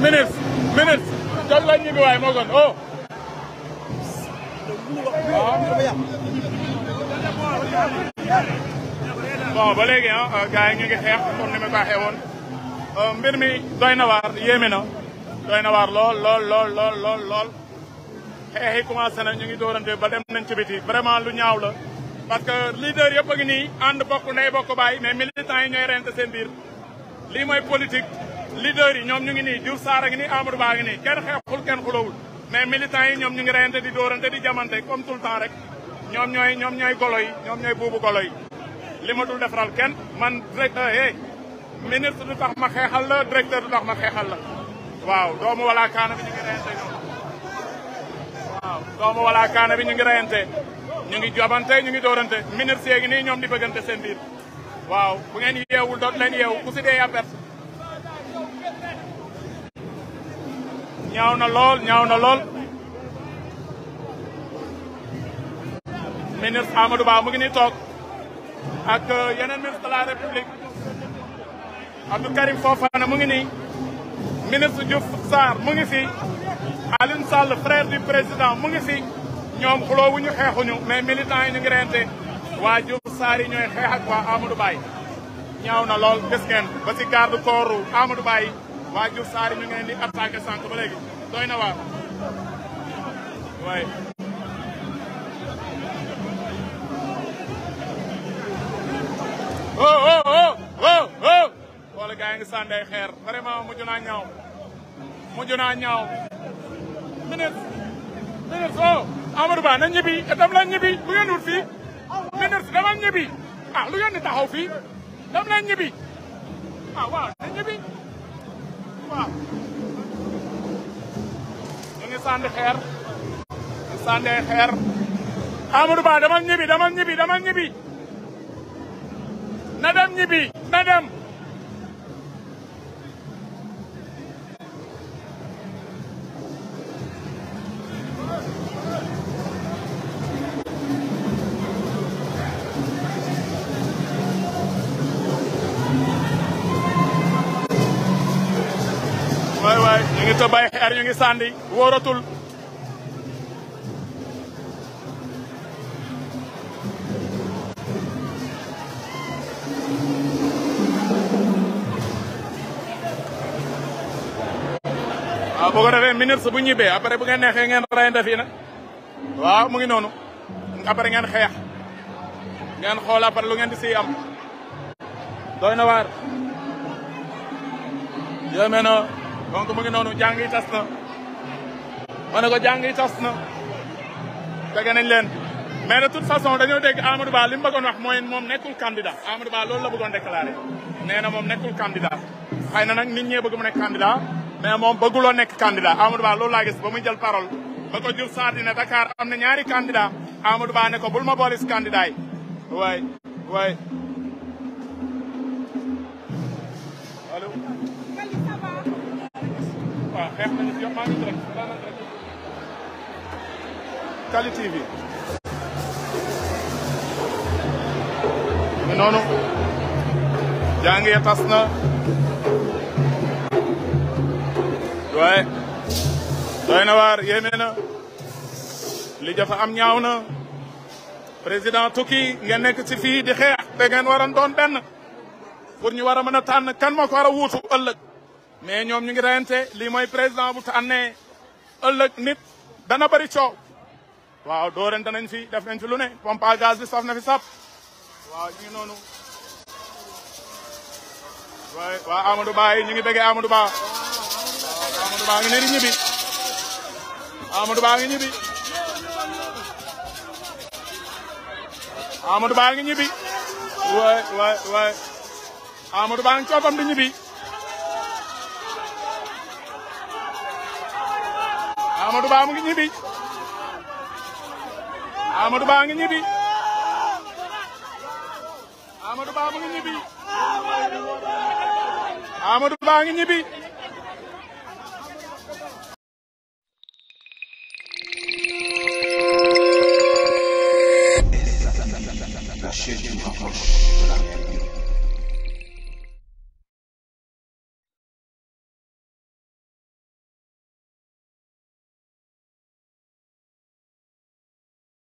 minutes minutes jot la ñibbi waay moo gën oh. bon ba léegi ah gars yi ñu ngi xeex comme ni ma ko waxee woon euh, mbir mi doy na waar yéeme na. doy na waar lool lool lool lool lool lool xeex yi commencé na ñu ngi dóorante ba dem nañ ci biti vraiment lu ñaaw la parce que leader yëpp ngi nii ànd bokk ndey bokk baay mais militants yi ñooy rente seen biir li mooy politique leader yi ñoom ñu ngi ni Diouf Sarr a ngi nii Amadou Ba a ngi nii kenn xeexul kenn xulawul mais militants yi ñoom ñu ngi reyante di dóorante di jamante comme tout le temps rek ñoom ñooy ñoom ñooy golo yi ñoom ñooy buubu golo yi li ma dul defaral kenn man directeur eh, hey eh, ministre tax ma xeexal la directeur du tax ma xeexal la waaw doomu wala kaana bi ñu ngi reyante ñu ngi reyante ñu ngi jobante ñu ngi doorante ministre yeegi nii ñoom di bëggante seen waaw bu ngeen yeewul doot leen yeewu ku si dee yaa perte ñaaw na lool ñaaw na lool ministre Amadou Ba mu ngi ni toog ak euh, yeneen ministre de la République Abdou Karim Fofana mu ngi nii ministre Diouf Sarr mu ngi fi Alioune Sall frère du président mu ngi fi ñoom xuloowuñu xeexuñu mais militants yi ñu ngi rente waa Diouf Sarr yi ñooy xeex ak waa Amadou Baye ñaaw na lool gis ngeen ba si garde corps Amadou Baye waa Diouf Sarr yi ñu ngi di attaqué sànq ba léegi doy na waar yaa ngi sànni ay xeer vraiment mujj naa ñaaw mujj naa ñaaw. ministre ministre oh Amadou Ba na ñibbi dam ñibbi lu ngeen ah, taxaw fii dam ñibbi ah waaw na ñibbi waaw. ñu ngi xeer ñu sànni ay xeer Amadou Ba dama ñibbi dama ñibbi dama ñibbi na dem ñibbi na dem. ñu ngi tëb yang xeer ñu ngi sànni wóoratul waaw boo ko defee ministre bu ñibbee après bu ngeen neexee ngeen rayante fii nag waaw mu ngi noonu après ngeen xeex ngeen xool après lu ngeen di siy am doy donc mu ngi noonu jàng yi tas na ma ne ko jàng yi tas na tege nañ leen mais de toute façon dañoo dégg Amadou Ba li mu bëggoon wax mooy moom nekkul candidat Amadou Ba loolu la bëggoon déclaré nee na moom nekkul candidat xëy na nag nit ñee bëgg mu nekk candidat mais moom bëgguloo nekk candidat Amadou Ba loolu laa gis ba muy jël parole ba ko jur saati ne am na ñaari candidat Amadou Ba ne ko bul ma boolis candidat yi xeex nañu fi maa ngi direct maa ngi direct Kali TV mu noonu jàngee tas na waaye doy na waar yéeme na li jafa am ñaaw na président tukki ngeen nekk ci fii di xeex te ngeen waroon doon benn pour ñu war a mën a tànn kan moo ko war a wuutu ëllëg mais ñom ñu ngi rayanté li moy président bu tànnee ëlëk nit dana bari ciow waaw do rent nañ fi def nañ fi lu né pompe à gaz bi saf na fi sap waaw ñi nonu way wa Amadou Ba yi ñu ngi bëggé Amadou Ba Amadou Ba ngi né ñibi Amadou Ba ngi ñibi Amadou Ba ngi ñibi way way way Amadou Ba ngi ciopam di ñibi Amadou Ba mu ngi ñibbi